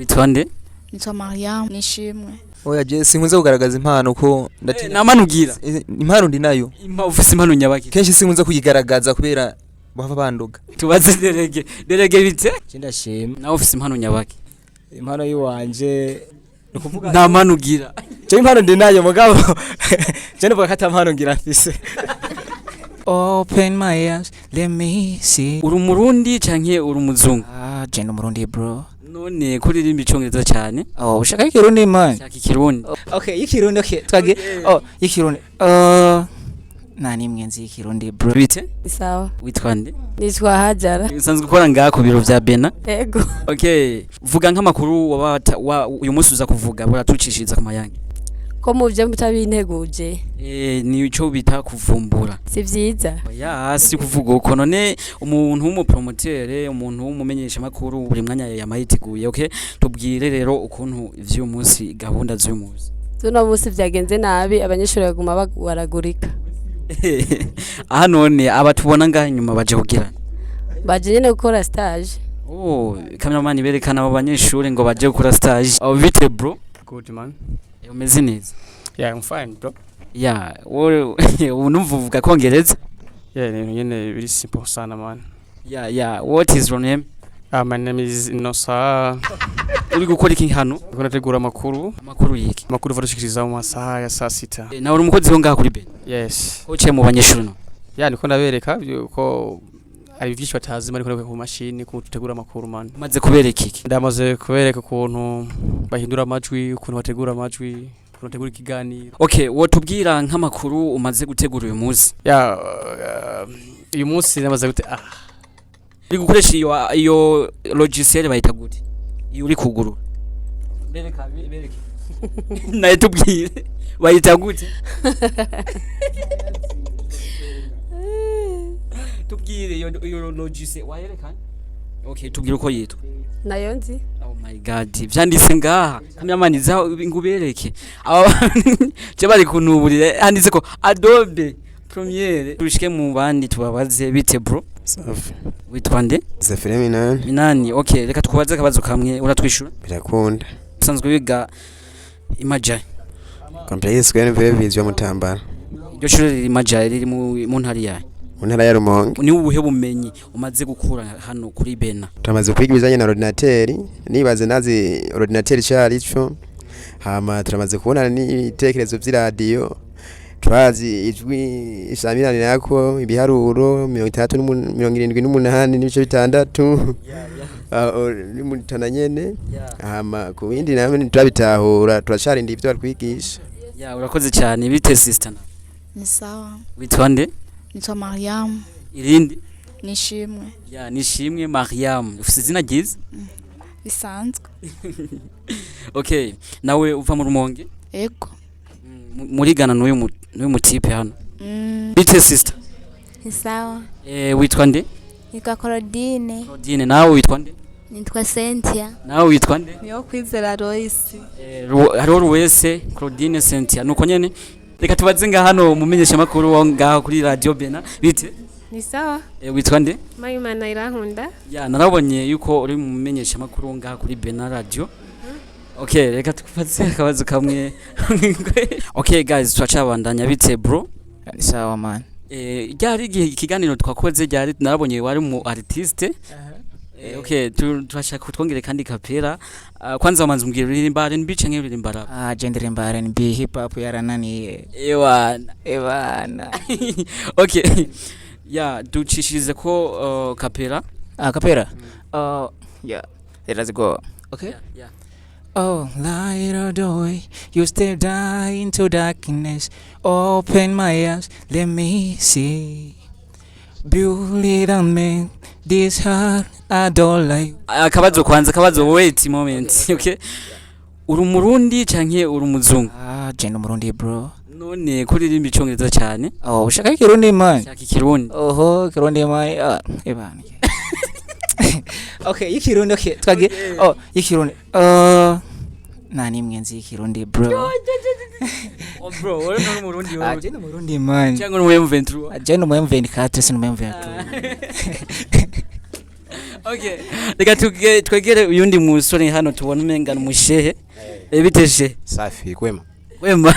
Bitwande nitwa Mariam nishimwe oya je sinkunze kugaragaza impano ko ndati eh, namanugira eh, eh, impano ndi nayo Impa ufise impano nyabaki kenshi sinkunze kuyigaragaza kubera bava banduga tubaze derege derege Cinda ndashima Na ufise impano nyabaki impano yiwanje nukuvuga namanugira je impano ndi nayo mugabo je ndivuga kata impano ngira mfise Open my eyes, let me see. Uri umurundi canke uri umuzungu? Ah, je no murundi bro. none kuririmba icongereza cyane oh ushaka ikirundi man ushaka ikirundi oh, okay ikirundi okay twage oh ikirundi uh nani mwenzi ikirundi bro bite sawa witwa nde nitwa Hajara usanzwe ukora ngaha ku biro bya Bena yego okay vuga nk'amakuru waba uyu munsi uza kuvuga buratucishiriza ku mayange ko mu byo mutabinteguje eh, nicyo bita kuvumbura si byiza ya si kuvuga uko none umuntu w'umupromotere umuntu w'umumenyeshamakuru buri mwanya yamaye yiteguye oke tubwire rero ukuntu iby'uyu munsi gahunda z'uyu munsi tuno munsi byagenze nabi abanyeshuri baguma baragurika aha none abatubona ngaha inyuma baje kugira baje nyine gukora stage oh kamera berekana abo banyeshuri ngo baje gukora stage oh bite bro good umeze neza yeah i'm fine bro yeah wowe numva uvuga kongereza yeah ni nyene biri simple sana man yeah yeah what is your name ah uh, my name is uri gukora iki hano ko nategura amakuru amakuru yiki amakuru varushikiriza mu masaha ya saa sita e, eh, na uri umukozi wo ngaha kuri Ben yes uciye mu banyeshuri no yeah niko ndabereka ko hari byinshi batazi ariko ku mashini ku tutegura amakuru man maze kubereka iki ndamaze kubereka ukuntu bahindura amajwi ukuntu bategura amajwi ukuntu bategura ikiganiro okay wotubwira nk'amakuru umaze gutegura uyu munsi ya uyu munsi ndamaze gute ah uri gukoresha iyo iyo logiciel bayita gute iyo uri kugurura bereka bereka nayo tubwire bayita gute tubwire iyo iyo logise wayerekana okay tubwire uko yitwa nayo nzi oh my byanditse ngaha kamyamaniza ngubereke aba cyo bari kunuburira handitse ko Adobe Premiere tushike mu bandi tubabaze bite bro witwa nde Zafira Minani Minani okay reka tukubaze akabazo kamwe uratwishura birakunda usanzwe wiga imajayi Computer Science University ya Mutambara iryo shuri riri majayi riri mu ntari yayo mu ntara ya Rumonge ni ubuhe bumenyi umaze gukura hano kuri Bena turamaze kwiga ibijyanye na ordinateri nibaze nazi ordinateri cyari cyo hama turamaze kubona n'ibitekerezo by'iradiyo turazi ijwi isamirani nako ibiharuro mirongo itandatu mirongo irindwi n'umunani n'ibice bitandatu ah, nimutana nyene hama ku bindi namwe turabitahura turacarinda ibyo batwigisha ya urakoze cyane bite sister ni sawa witwa nde nitwa mariyamu irindi nishimwe ya nishimwe mariyamu ufite izina ryiza bisanzwe mm. okay nawe uva mu rumonge yego mm, muri n'uyu mutipe hano mm. bite sisita sawa eh, witwa nde nitwa Claudine Claudine nawe witwa nde nitwa Cynthia nawe witwa nde niyo kwizera Royce hariho Royce Claudine Cynthia nuko nyene reka tubaze nga hano umumenyesha wo ngaho kuri radio Bena bite ni sawa eh, witwa nde Mayimana Irankunda ya narabonye yuko uri mu menyesha wo ngaho kuri Bena radio mm-hmm. Okay, reka tukufaze akabazo kamwe. okay guys, twacabandanya bitse bro. Ni sawa man. Eh, ryari igihe ikiganiro twakoze ryari narabonye wari mu artiste Eh, okay tu turashaka kutwongere kandi kapira. uh, kwanza wamanze umbwira uririmba RnB canke uririmba rap ah je ndirimba RnB hip hop yara nani? Ewa, ewa. okay ya ducishirize ko uh, kapera ah kapera mm. uh, yeah let's go okay yeah, yeah. Oh, light of joy, you still die into darkness. Open my eyes, let me see. Beauty that made this heart adore akabazo kwanza akabazo wait moment okay uri umurundi canke uri umuzungu ah je ni umurundi bro none kuri kuririmba icongereza cyane oh ushaka ikirundi man ushaka ikirundi oho kirundi man ah ebani okay ikirundi okay twage oh ikirundi uh nani mwenzi ikirundi bro Oh, bro wewe ah, ni murundi ah, ah. uyundi musore hano tubona umenga ni mushehe ebiteje eh. safi kwema kwema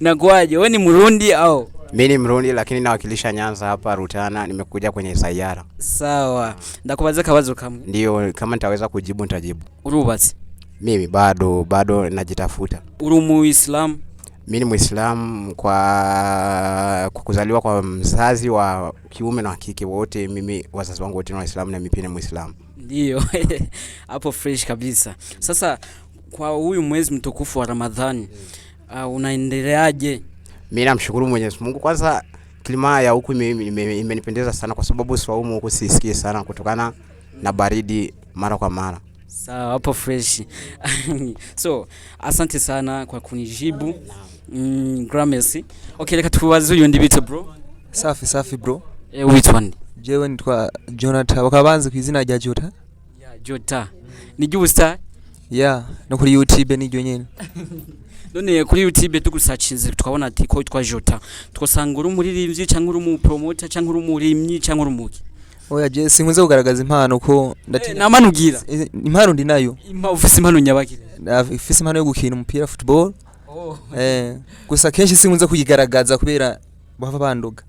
inakuwaje we ni murundi au mi ni Mrundi lakini nawakilisha Nyanza hapa Rutana, nimekuja kwenye sayara. Sawa, ndakubaza kawazo kamwe. Ndio, kama nitaweza kujibu nitajibu. Urubatse? Mimi bado bado najitafuta. Uri Muislamu? mi ni Muislamu kwa kuzaliwa kwa mzazi wa kiume na wa kike wote. Mimi wazazi wangu wote ni Waislamu na mimi pia ni Muislamu. Ndio hapo fresh kabisa. Sasa kwa huyu mwezi mtukufu wa Ramadhani uh, unaendeleaje? Mimi namshukuru Mwenyezi Mungu kwanza, klima ya huku imenipendeza sana, kwa sababu swaumu huku sisikii sana kutokana na baridi mara kwa mara. Sawa, hapo fresh. So, asante sana kwa kunijibu. Mm, gramercy. Okay, leka tuwazi uyu ndi bro? Safi safi bro. Eh, which one? je wewe nitwa Jonathan. Bakabanze kwizina ya Jota. ya Yeah, Jota. Ni Justa. ya Yeah, no kuri YouTube ni ryo nyene. None kuri YouTube tugusacinze tukabona ati ko twa Jota. Tukosanga uri umuririmbyi cyangwa uri promoter cyangwa uri umurimyi cyangwa uri oya je sinkunze kugaragaza impano ko ndatinya eh, ubwira impano ndi nayo ufise impano nyabakire ufise impano yo gukina umupira football oh. eh gusa kenshi sinkunze kuyigaragaza kubera bava banduga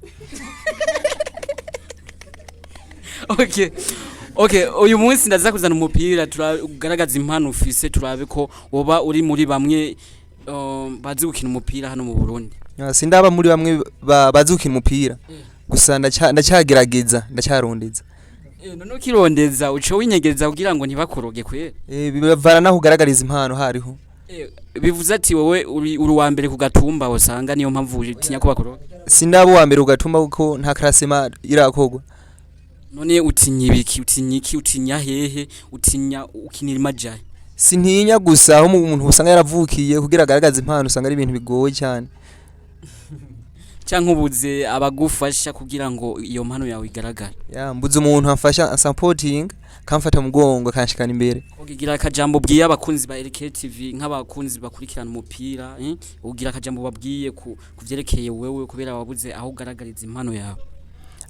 okay okay uyu munsi ndaza kuzana umupira turagaragaza impano ufise turabe ko woba uri muri bamwe um, bazi gukina umupira hano mu Burundi ah, sindaba muri bamwe bazi gukina umupira eh. gusa ndacyagerageza ndacyarondeza eh, none ukirondeza uca winyegeza kugira ngo ntibakoroge kwera eh, bivana naho ugaragariza impano hariho eh, bivuze ati wowe uri uwa mbere ku gatumba usanga niyo mpamvu utinya ko bakoroge sinaba uwa mbere ku gatumba kuko nta karasema irakogwa none utinya ibiki utinya iki utinya hehe utinya ukinira imajayi sintinya gusa aho umuntu usanga yaravukiye kugira agaragaze impano usanga ari ibintu bigoye cyane cyangwa ubuze abagufasha kugira ngo iyo mpano yawe igaragare mbuze umuntu afasha sapotingi kamfata umugongo kanshikana imbere ugira akajambo bwiye abakunzi ba RK nk'abakunzi bakurikirana umupira ugira eh? akajambo babwiye ku kuvyerekeye wewe kubera wabuze aho ugaragariza impano yawe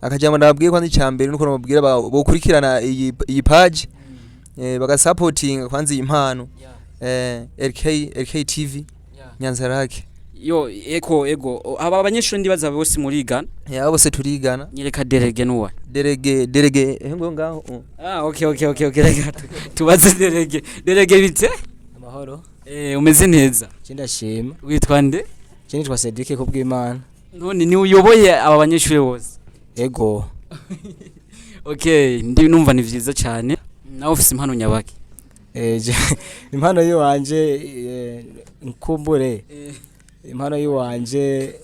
akajambo ndababwiye kwanza icambere nuko nababwira bokurikirana iyi page mm. eh bagasupporting kwanza impano eh RK RK Nyanza Lake yo eko ego aba abanyeshuri ndibaza bose murigana ya bose turigana nyereka derege nuwa derege derege eh, ngo ngaho ah okay okay okay okay rega tubaze derege derege bite amahoro eh umeze neza cindashima witwa nde cinditwa Cedric kubw'Imana none ni uyoboye aba banyeshuri bose ego okay ndi numva ni vyiza cyane nawe ufise impano nyabaki eh, impano yo wanje eh, nkumbure impano y'iwanje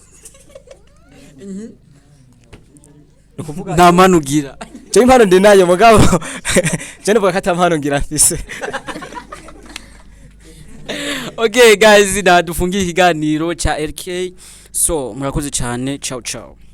nta mpano ugira cyo impano ndi nayo mugabo cyo nivuga ko ata mpano ngira mfise okay guys ikiganiro cya RK so murakoze cyane ciao ciao